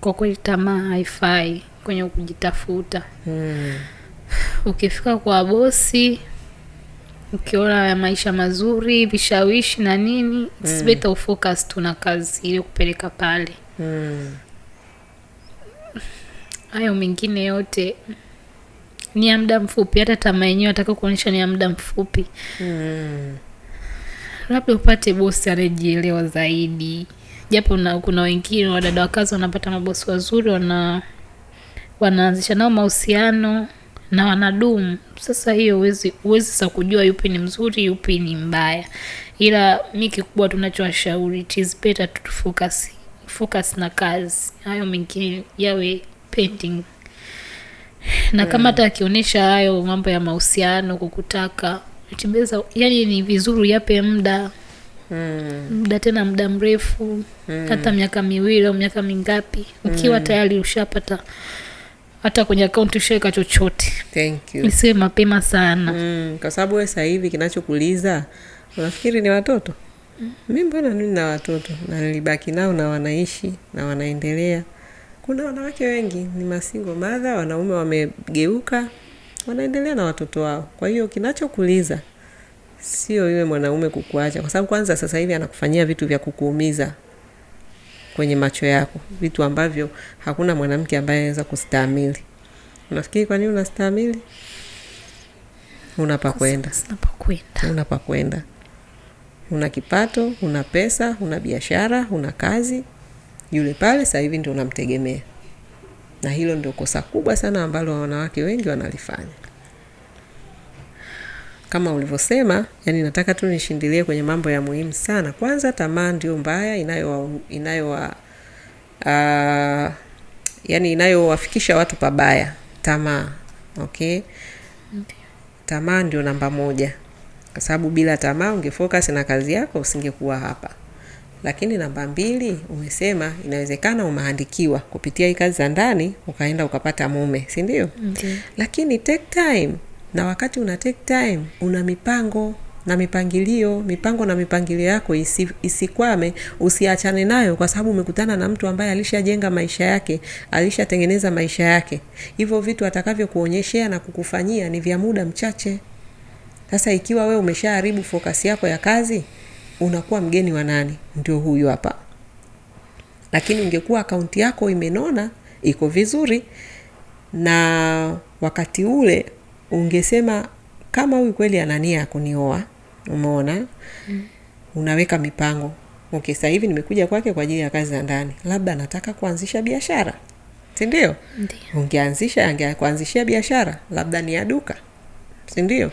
Kwa kweli tamaa haifai kwenye kujitafuta. Mm. Ukifika kwa bosi ukiona ya maisha mazuri, vishawishi na nini, it's mm. better ufocus tu na kazi ili kupeleka pale. Mm. Hayo mengine yote ni ya muda mfupi. Hata tamaa yenyewe ataka kuonyesha ni ya muda mfupi. Mm. Labda upate bosi anayejielewa zaidi japo na, kuna wengine wadada wa kazi wanapata mabosi wazuri, wana wanaanzisha nao mahusiano na wanadumu. Sasa hiyo uwezi uwezi sasa kujua yupi ni mzuri yupi ni mbaya, ila mi kikubwa tunachowashauri it is better to focus focus na kazi, hayo mengine yawe pending na kama hata yeah, akionyesha hayo mambo ya mahusiano kukutaka, yani ni vizuri yape muda mm. muda tena muda mrefu mm. hata miaka miwili au miaka mingapi ukiwa mm. tayari ushapata hata kwenye akaunti ushaweka chochote. Isiwe mapema sana mm. kwa sababu we sahivi hivi unafikiri ni watoto mm. mi mbona na watoto na nilibaki nao na wanaishi na wanaendelea kuna wanawake wengi ni masingo madha, wanaume wamegeuka, wanaendelea na watoto wao. Kwa hiyo kinachokuliza sio yule mwanaume kukuacha, kwa sababu kwanza sasa hivi anakufanyia vitu vya kukuumiza kwenye macho yako, vitu ambavyo hakuna mwanamke ambaye anaweza kustahimili. Unafikiri kwa nini unastahimili? Una pa kwenda, una kwenda, una kipato, una pesa, una biashara, una kazi. Yule pale sasa hivi ndio unamtegemea, na hilo ndio kosa kubwa sana ambalo wanawake wengi wanalifanya kama ulivyosema, yani nataka tu nishindilie kwenye mambo ya muhimu sana. Kwanza, tamaa ndio mbaya inayowa inayowa uh, ah, yani inayowafikisha watu pabaya. Tamaa, okay, tamaa ndio namba moja, kwa sababu bila tamaa ungefocus na kazi yako, usingekuwa hapa. Lakini namba mbili, umesema inawezekana umeandikiwa kupitia hii kazi za ndani ukaenda ukapata mume, si ndio? Okay. Lakini take time na wakati una take time una mipango na mipangilio mipango na mipangilio yako isi, isikwame usiachane nayo kwa sababu umekutana na mtu ambaye alishajenga maisha yake alishatengeneza maisha yake hivyo vitu atakavyokuonyeshea na kukufanyia ni vya muda mchache sasa ikiwa we umeshaharibu fokasi yako ya kazi unakuwa mgeni wa nani ndio huyu hapa lakini ungekuwa akaunti yako imenona iko vizuri na wakati ule ungesema kama huyu kweli anania ya kunioa, umeona mm. unaweka mipango okay, sasa hivi nimekuja kwake kwa ajili ya kazi za ndani, labda anataka kuanzisha biashara, sindio Ungeanzisha, angekuanzishia biashara labda ni ya duka, sindio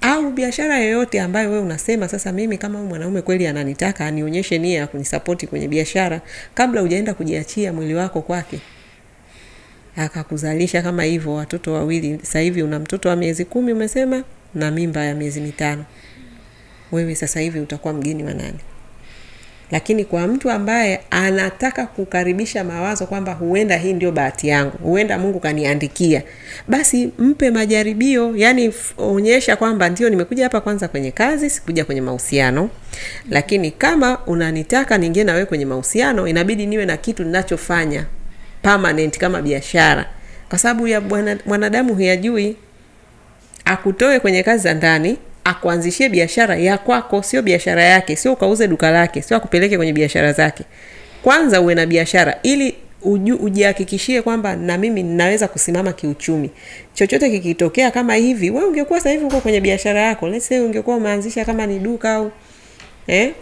au biashara yoyote ambayo wewe unasema sasa, mimi kama mwanaume kweli ananitaka, anionyeshe nia ya kunisapoti kwenye biashara kabla ujaenda kujiachia mwili wako kwake akakuzalisha kama hivyo watoto wawili. Sasa hivi una mtoto wa miezi kumi umesema na mimba ya miezi mitano, wewe sasa hivi utakuwa mgeni wa nani? Lakini kwa mtu ambaye anataka kukaribisha mawazo kwamba huenda hii ndio bahati yangu, huenda Mungu kaniandikia, basi mpe majaribio, yani onyesha kwamba ndio nimekuja hapa kwanza kwenye kazi, sikuja kwenye mahusiano. Lakini kama unanitaka niingie na wewe kwenye mahusiano, inabidi niwe na kitu ninachofanya permanent kama biashara, kwa sababu ya mwanadamu huyajui. Akutoe kwenye kazi za ndani akuanzishie biashara ya kwako, sio biashara yake, sio ukauze duka lake, sio akupeleke kwenye biashara zake. Kwanza uwe na biashara ili uju, ujihakikishie kwamba na mimi ninaweza kusimama kiuchumi. Chochote kikitokea kama hivi, wewe ungekuwa sasa hivi uko kwenye biashara yako, let's say ungekuwa umeanzisha kama ni duka au eh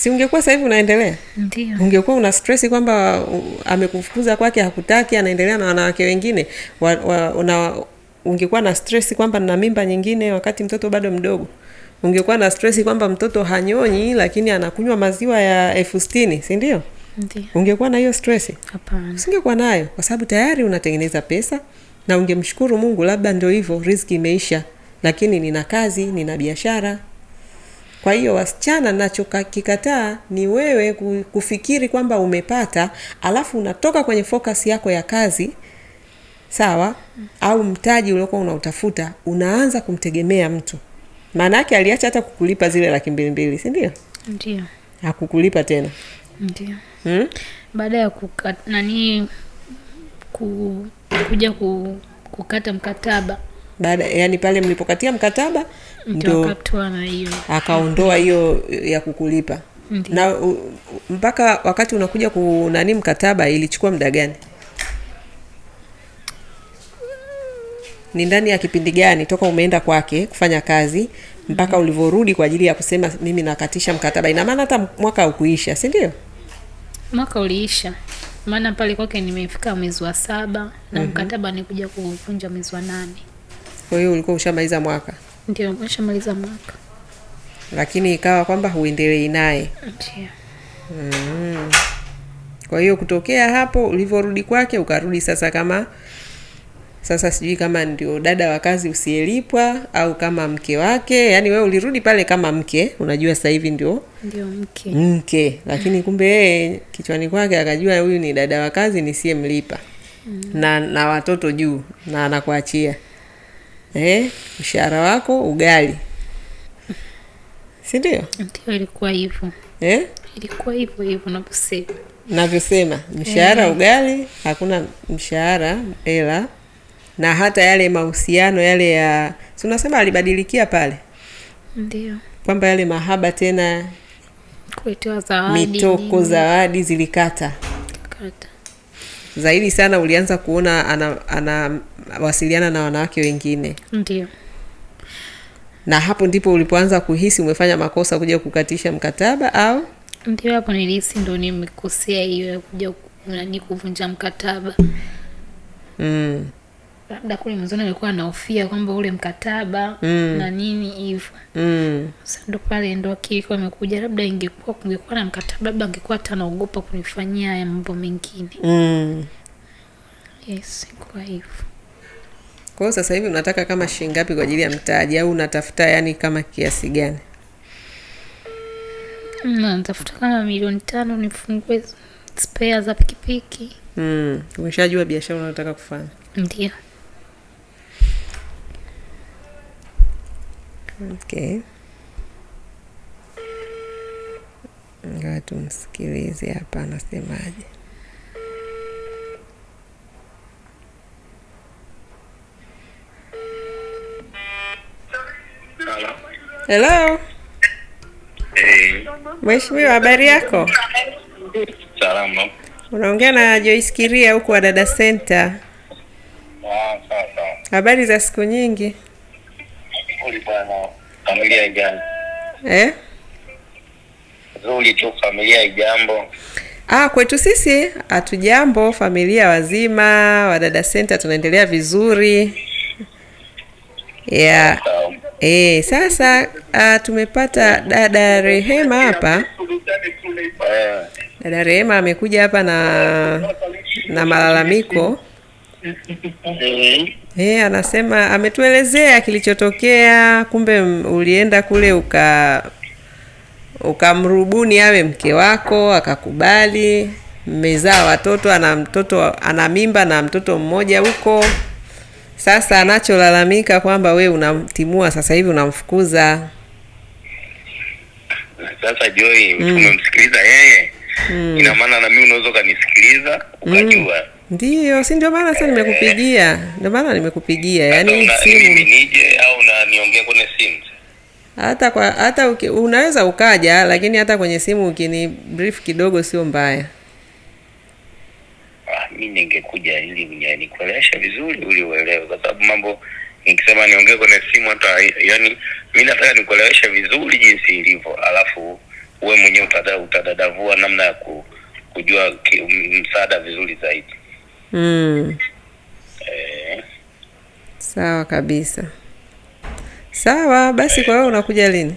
si ungekuwa sasa hivi unaendelea? Ndio. Ungekuwa una stress kwamba amekufukuza kwake, hakutaki, anaendelea na wanawake wengine wa, wa, una, ungekuwa na stress kwamba na mimba nyingine wakati mtoto bado mdogo ungekuwa na stress kwamba mtoto hanyonyi lakini anakunywa maziwa ya elfu sitini si ndio? Ungekuwa na hiyo stress? Hapana, usingekuwa nayo, kwa sababu tayari unatengeneza pesa na ungemshukuru Mungu, labda ndio hivyo, riziki imeisha, lakini nina kazi, nina biashara kwa hiyo wasichana, nachokikataa ni wewe kufikiri kwamba umepata, alafu unatoka kwenye focus yako ya kazi sawa, au mtaji uliokuwa unautafuta, unaanza kumtegemea mtu. Maana yake aliacha hata kukulipa zile laki mbili mbili, si ndio? Ndio, hakukulipa tena. Ndio. Hmm? Baada ya kuka, nani ku, kuja ku, kukata mkataba baada yani pale mlipokatia mkataba ndo akaondoa hiyo ya kukulipa Ndiyo. na u, mpaka wakati unakuja kunani mkataba ilichukua muda gani ni ndani ya kipindi gani toka umeenda kwake kufanya kazi mpaka mm-hmm. ulivyorudi kwa ajili ya kusema mimi nakatisha mkataba ina maana hata mwaka ukuisha si ndio mwaka uliisha maana pale kwake nimefika mwezi wa saba na mm-hmm. mkataba nikuja kuvunja mwezi wa nane kwa hiyo ulikuwa ushamaliza mwaka? Ndio, nishamaliza mwaka, lakini ikawa kwamba huendelei naye. Ndio. Mm. Kwa hiyo kutokea hapo ulivyorudi kwake ukarudi sasa kama sasa sijui kama ndio dada wa kazi usielipwa au kama mke wake, yaani wewe ulirudi pale kama mke. Unajua sasa hivi ndio ndio mke mke, lakini kumbe yeye kichwani kwake akajua huyu ni dada wa kazi nisiyemlipa, mm. na na watoto juu na anakuachia eh, mshahara wako ugali, sindio ndio? ilikuwa hivyo eh? Ilikuwa hivyo hivyo navyosema, navyosema mshahara eh, ugali, hakuna mshahara hela, na hata yale mahusiano yale ya si alibadilikia pale, ndio kwamba yale mahaba tena, kuletewa zawadi, mitoko zawadi zilikata kata zaidi sana ulianza kuona anawasiliana ana na wanawake wengine, ndio na hapo ndipo ulipoanza kuhisi umefanya makosa kuja kukatisha mkataba au? Ndio, hapo nilihisi ndo nimekosea hiyo ya kuja nani kuvunja mkataba mm labda kule mwanzoni alikuwa anahofia kwamba ule mkataba mm. na nini hivo mm. sando pale ndo akili kwa labda ingekuwa kungekuwa na mkataba, labda angekuwa hata anaogopa kunifanyia haya mambo mengine mm. Yes, kwa hivo kwa sasa hivi unataka kama shilingi ngapi kwa ajili ya mtaji au unatafuta yani kama kiasi gani? Mm, natafuta kama milioni tano nifungue spea za pikipiki. Mm, umeshajua biashara unayotaka kufanya? Ndio. Okay, ngawa tumsikilize hapa anasemaje. Hello. Hey. habari yako? Salama. Unaongea na Joyce Kiria huku Wadada Center. Ah, habari za siku nyingi. Bwana familia ijambo eh? zuri tu familia ijambo. Ah, kwetu sisi hatujambo, familia wazima, Wadada Center tunaendelea vizuri yeah. E, sasa uh, tumepata dada Rehema hapa. Dada Rehema amekuja hapa na na malalamiko mm-hmm. He, eh, anasema ametuelezea kilichotokea, kumbe ulienda kule uka ukamrubuni awe mke wako, akakubali, mmezaa watoto, ana mtoto ana mimba na mtoto mmoja huko. Sasa anacholalamika kwamba we unamtimua sasa hivi unamfukuza. Sasa Joy, mm. umemsikiliza yeye mm. ina maana na mimi unaweza ukanisikiliza ukajua mm. Ndiyo, si ndio maana sasa nimekupigia, ndio maana nimekupigia. Yaani simu nije au na kwenye simu hata kwa hata uki, unaweza ukaja, lakini hata kwenye simu ukini brief kidogo sio mbaya. Ah, mimi ningekuja ili unyanikuelewesha vizuri uli uelewe, kwa sababu mambo nikisema niongee kwenye simu hata yani, mimi nataka nikuelewesha vizuri jinsi ilivyo, alafu uwe mwenyewe utadadavua namna ya kujua msaada vizuri zaidi. Mm. E. Sawa kabisa. Sawa basi e. Kwa wewe unakuja lini?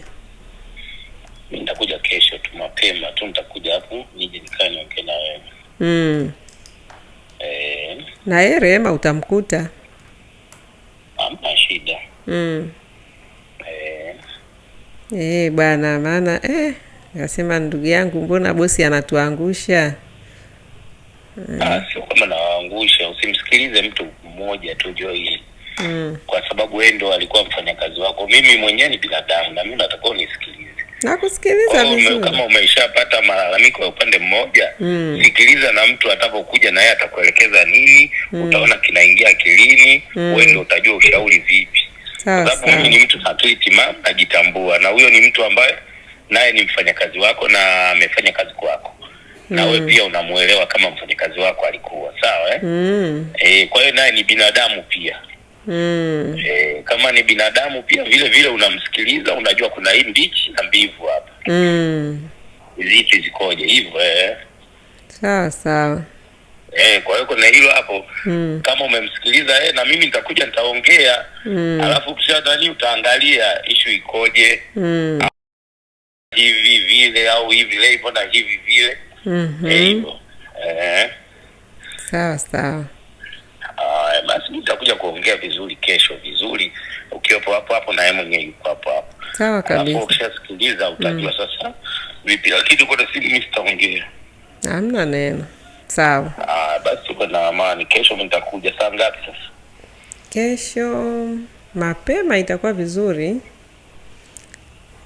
Mimi Nitakuja kesho tu mapema tu, nitakuja hapo nije nikae niongee na wewe. Mm. Eh. Na yeye Rehema utamkuta. Hamna shida. Mm. Eh. Eh, bwana maana eh, nasema ndugu yangu, mbona bosi anatuangusha? mm. Sio kama nawaangusha, usimsikilize mtu mmoja tu Joy mm. kwa sababu yeye ndo alikuwa mfanyakazi wako. Mimi mwenyewe ni binadamu na mimi natakiwa unisikilize nakusikiliza vizuri. Kama umeshapata malalamiko ya upande mmoja mm. sikiliza na mtu atakapokuja na yeye atakuelekeza nini mm. utaona kinaingia akilini mm. wewe utajua ushauri vipi, sababu mimi ni mtu akili najitambua, na huyo ni mtu ambaye naye ni mfanyakazi wako na amefanya kazi kwako mm. na wewe mm. pia unamuelewa kama mfanyakazi wako alikuwa sawa eh? mm. E, kwa hiyo naye ni binadamu pia mm. E, kama ni binadamu pia vile vile unamsikiliza, unajua kuna hii mbichi na mbivu hapa mm. zipi zikoje hivyo eh? sawa sawa Eh, kwa hiyo kuna hilo hapo mm. Kama umemsikiliza eh, na mimi nitakuja nitaongea mm. Alafu kisha nani utaangalia ishu ikoje mm. hivi vile au hivi leo na hivi vile mm sawa sawa. basi nitakuja kuongea vizuri kesho vizuri, ukiwepo hapo hapo na yeye mwenyewe yuko hapo hapo. Sawa kabisa. Ukishasikiliza utajua mm. Sasa vipi, lakini kwa simu mimi sitaongea, hamna neno. Sawa. Ah, basi uko na amani. Kesho nitakuja saa ngapi sasa? Kesho mapema itakuwa vizuri.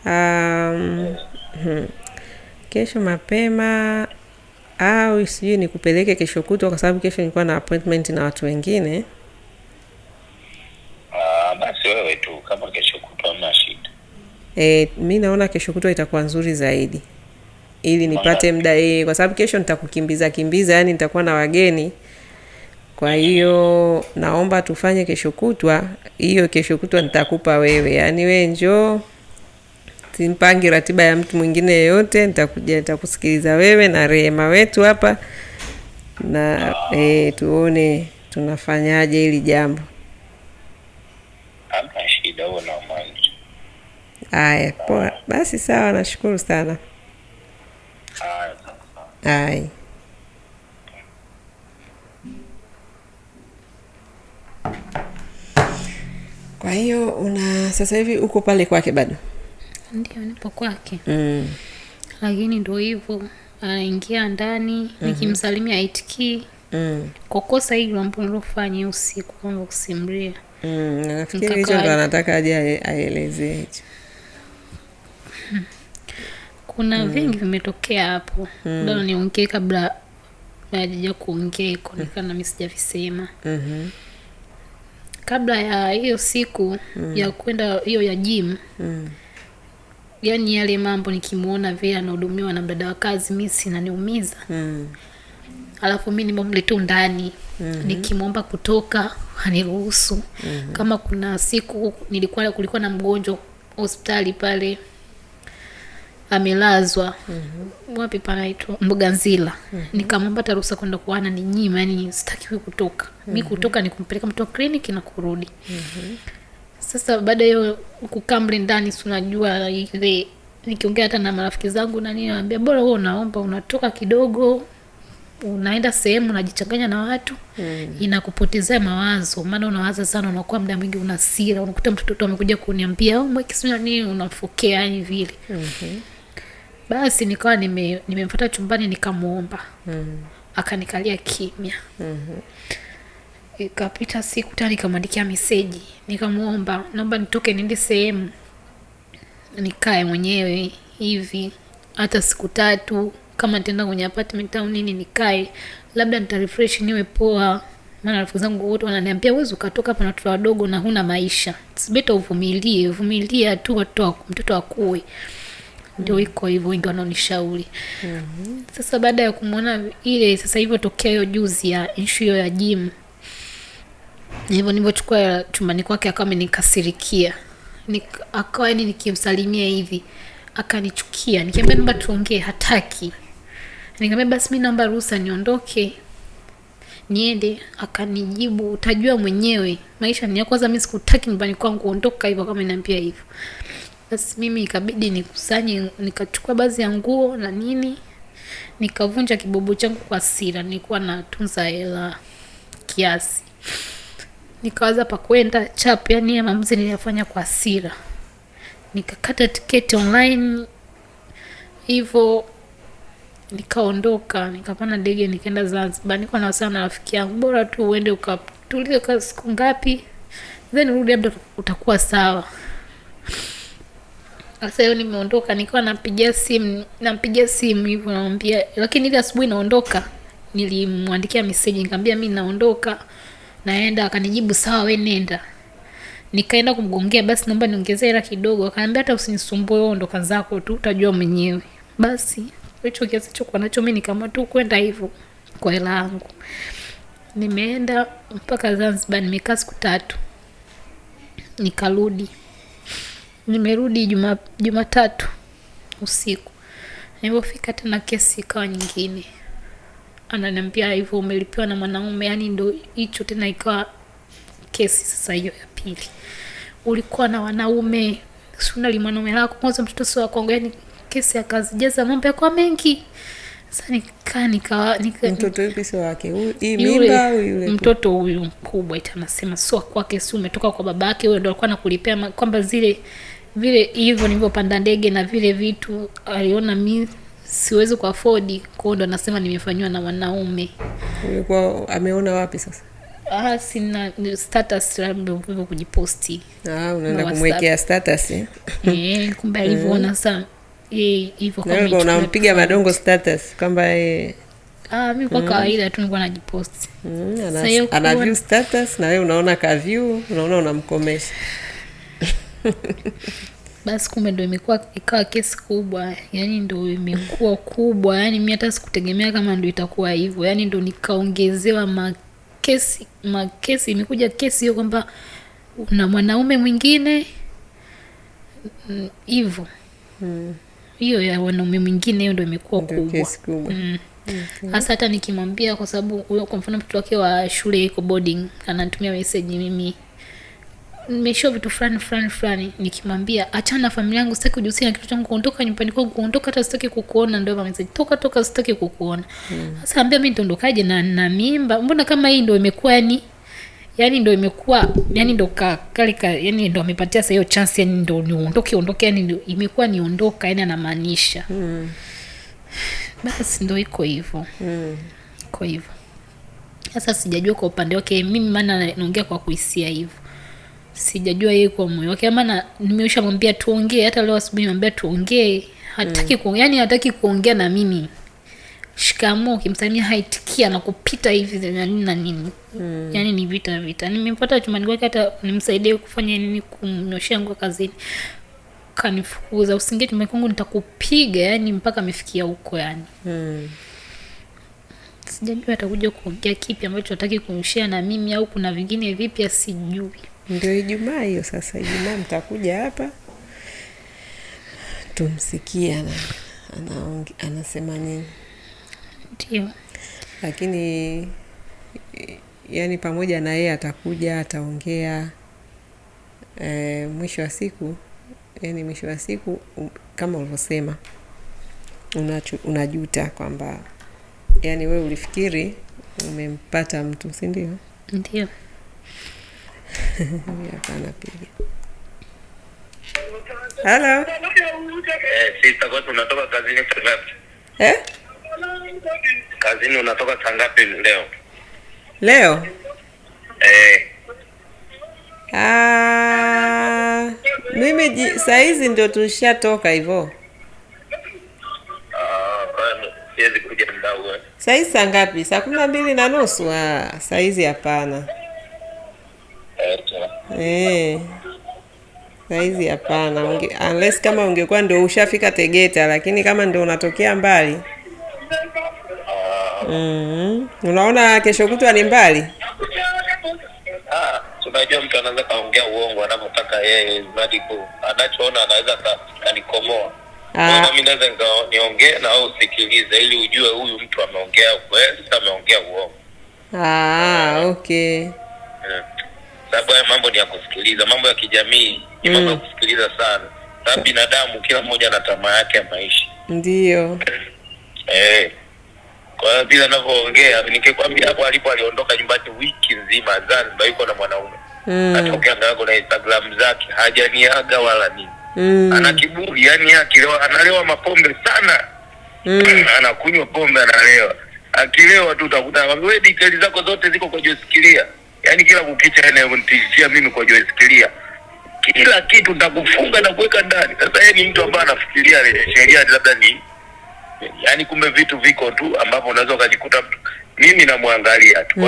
Um, hmm kesho mapema au sijui nikupeleke kesho kutwa, kwa sababu kesho nilikuwa na appointment na watu wengine. Ah, basi wewe tu kama kesho kutwa hamna shida. E, mi naona kesho kutwa itakuwa nzuri zaidi ili nipate muda e, kwa sababu kesho nitakukimbiza kimbiza, yani nitakuwa na wageni. Kwa hiyo naomba tufanye kesho kutwa. Hiyo kesho kutwa nitakupa wewe, yani we njoo simpangi ratiba ya mtu mwingine yeyote, nitakuja nitakusikiliza wewe na Rehema wetu hapa na e, tuone tunafanyaje hili jambo. Haya, poa basi, sawa, nashukuru sana. ay Kwa hiyo una sasa hivi uko pale kwake bado? ndio nipo kwake mm. Lakini ndo hivyo, anaingia ndani mm -hmm. Nikimsalimia aitikii mm. kokosa eh. hilo ambao nilofanya usiku kwamba kusimulia mm. hicho ndo anataka aje aelezee hicho Kuna mm. vingi vimetokea hapo mm. niongee kabla hajaja kuongea ikaonekana mm. mi sijavisema mm -hmm. Kabla ya hiyo siku mm. ya kwenda hiyo ya jimu mm yani yale mambo nikimwona vile anahudumiwa na mdada wa kazi mi sinaniumiza mm. alafu mi nimo tu ndani mm-hmm. nikimwomba kutoka aniruhusu mm-hmm. kama kuna siku nilikuwa kulikuwa na mgonjwa hospitali pale amelazwa mm-hmm. wapi panaitwa mboganzila mm-hmm. nikamwomba taruhusa kwenda kuana ni nyima yani sitakiwi kutoka mm-hmm. mi hmm. kutoka ni kumpeleka mtu wa kliniki na kurudi mm-hmm sasa baada ya kukaa mle ndani, si unajua ile, nikiongea hata na marafiki zangu na nini, naambia bora wewe unaomba unatoka kidogo unaenda sehemu unajichanganya na watu mm. Inakupotezea mawazo, maana unawaza sana, unakuwa muda mwingi una sira Unakuta mtoto amekuja kuniambia oh, mwekisina nini, unafokea yani vile mm -hmm. Basi nikawa nime chumbani nikamuomba mm. Akanikalia kimya mm -hmm. Ikapita siku tena, nikamwandikia meseji, nikamwomba naomba nitoke niende sehemu nikae mwenyewe hivi hata siku tatu, kama nitaenda kwenye apartment au nini, nikae labda nitarefresh, niwe poa, maana rafiki zangu wote wananiambia uwezi ukatoka hapa na watoto wadogo na huna maisha. Sibeta uvumilie, uvumilia tu watoto, mtoto akue. Ndio mm. iko hivyo, wengi wanaonishauri. mm-hmm. Sasa baada ya kumwona ile sasa hivyo tokea hiyo juzi ya nshu hiyo ya jimu hivyo nilivyochukua chumbani kwake akawa amenikasirikia Nik, akawa yani nikimsalimia hivi akanichukia nikiambia naomba tuongee hataki nikamwambia basi mi naomba ruhusa niondoke niende akanijibu utajua mwenyewe maisha ni ya kwanza mi sikutaki nyumbani kwangu ondoka hivyo kama inaambia hivyo basi mimi ikabidi nikusanye nikachukua baadhi ya nguo na nini nikavunja kibobo changu kwa sira nilikuwa natunza hela kiasi nikawaza pa kwenda chap, yani ya maamuzi niliyafanya kwa hasira, nikakata tiketi online hivyo nikaondoka nikapanda ndege nikaenda Zanzibar. Niko na sana rafiki yangu, bora tu uende ukatulie kwa siku ngapi, then urudi, labda utakuwa sawa. Sasa hiyo nimeondoka, nikawa nampigia simu, nampigia simu hivyo namwambia, lakini ile asubuhi naondoka, nilimwandikia message nikamwambia mi naondoka naenda. Akanijibu sawa, we nenda. Nikaenda kumgongea, basi naomba niongezee hela kidogo. akaambia hata usinisumbue, wewe ondoka zako tu, utajua mwenyewe. Basi hicho kiasi chokuwa nacho mimi nikaamua tu kwenda hivyo kwa hela yangu. Nimeenda mpaka Zanzibar, nimekaa siku tatu, nikarudi. Nimerudi Jumatatu juma usiku, nilipofika tena kesi ikawa nyingine ananiambia hivyo umelipiwa na mwanaume, yani ndo hicho tena, ikawa kesi sasa hiyo ya pili. Ulikuwa na wanaume, sunali mwanaume lako kwanza, mtoto si wa yani kesi akazijaza mambo yakuwa mengi. Sasa nika, mtoto yupi sio wake yule, mtoto huyu mkubwa ita anasema sio kwake, si umetoka kwa babake, huyo ndo alikuwa anakulipia kwamba zile vile hivyo nilivyopanda ndege na vile vitu aliona mimi siwezi ku afford, kwao ndo anasema nimefanywa na wanaume. Ulikuwa ameona wapi sasa? Ah, sina status labda hivyo kujiposti. Ah, unaenda kumwekea status eh? Eh, kumbe alivyoona eh. sasa eh, hivyo kama yaani hivyo unampiga madongo status kwamba eh Ah, mimi kwa mm. kawaida tu nilikuwa najiposti. Mm, ana view status na wewe unaona ka view, unaona unamkomesha. basi kumbe ndo imekuwa ikawa kesi kubwa yani ndo imekuwa kubwa yani mi hata sikutegemea kama ndo itakuwa hivyo yani ndo nikaongezewa makesi makesi imekuja kesi hiyo kwamba na mwanaume mwingine mm, hivyo hmm. hiyo ya wanaume mwingine hiyo ndo imekuwa kubwa mm. Okay. Hmm. hasa hata nikimwambia kwa sababu kwa mfano mtoto wake wa shule iko boarding anatumia meseji mimi nimeishiwa vitu fulani fulani fulani, nikimwambia achana na familia yangu, sitaki kujihusisha na kitu changu, kuondoka nyumbani kwangu, kuondoka hata sitaki kukuona, ndio message toka toka, sitaki kukuona. mm. Sasa ambia mimi nitaondokaje na na mimba? Mbona kama hii ndio imekuwa yani yaani ndo imekuwa yani ndo kale ka yani ndo amepatia sasa hiyo chance yani ndo niondoke ondoke yani imekuwa niondoka yani anamaanisha. Mm. Basi ndo iko hivyo. Mm. Iko hivyo. Sasa sijajua kwa upande wake okay, mimi, maana naongea kwa kuhisia hivyo sijajua yeye kwa moyo wake, maana nimeshamwambia tuongee, hata leo asubuhi nimwambia tuongee, hataki mm. kuongea, yani hataki kuongea na mimi. shikamo ukimsalimia haitikia na kupita hivi na nini na nini mm. yani ni vita vita. Nimepata chumbani kwake, hata nimsaidie kufanya nini, kumnyoshea nguo kazini, kanifukuza, usingie chumbani kwangu nitakupiga, yani mpaka amefikia huko yani mm. Sijajua atakuja kuongea kipi ambacho hataki kunishia na mimi, au kuna vingine vipya sijui. Ndio Ijumaa hiyo sasa. Ijumaa mtakuja hapa tumsikie ana, anasema nini. Ndio, lakini yani pamoja na yeye atakuja ataongea. E, mwisho wa siku yani, mwisho wa siku um, kama ulivyosema unajuta kwamba yani we ulifikiri umempata mtu, si ndio? Ndio hapa anapiga. Hello. Eh, sister kwa tunatoka kazini saa ngapi? Eh? Kazini unatoka saa ngapi leo? Leo? Eh. Ah, mimi saa hizi ndio tulishatoka hivyo. Ah, eh. Saa hizi saa ngapi? Saa kumi na mbili na nusu? Ah, saa hizi hapana. Eh. Saizi hapana, unless kama ungekuwa ndio ushafika Tegeta, lakini kama ndio unatokea mbali mm. Unaona kesho kutwa ni mbali. Ah, unajua mtu anaweza kaongea uongo yeye, mradi anachoona anaweza kanikomoa. Ah. Mimi naweza niongee na wewe usikilize, ili ujue huyu mtu ameongea ameongea uongo. Ah, okay. Yeah sababu haya mambo ni ya kusikiliza. Mambo ya kijamii ni mambo ya mm. kusikiliza sana, sababu binadamu kila mmoja ana tamaa yake ya maisha, ndio eh. Kwa hiyo vile anavyoongea, nikikwambia hapo alipo, aliondoka nyumbani wiki nzima Zanzibar, yuko na mwanaume mm. atokea na Instagram zake hajaniaga wala nini mm. ana kiburi yani, akilewa analewa mapombe sana mm. anakunywa pombe, analewa akilewa tu utakuta wewe, details zako zote ziko kwa sikilia yaani kila kukicha anayonitishia yaani mimi kwa Joyce kila kitu nitakufunga na kuweka ndani. Sasa yeye ni mtu ambaye anafikiria sheria labda ni yani kumbe vitu viko tu ambapo unaweza ukajikuta mtu, mimi namwangalia tu.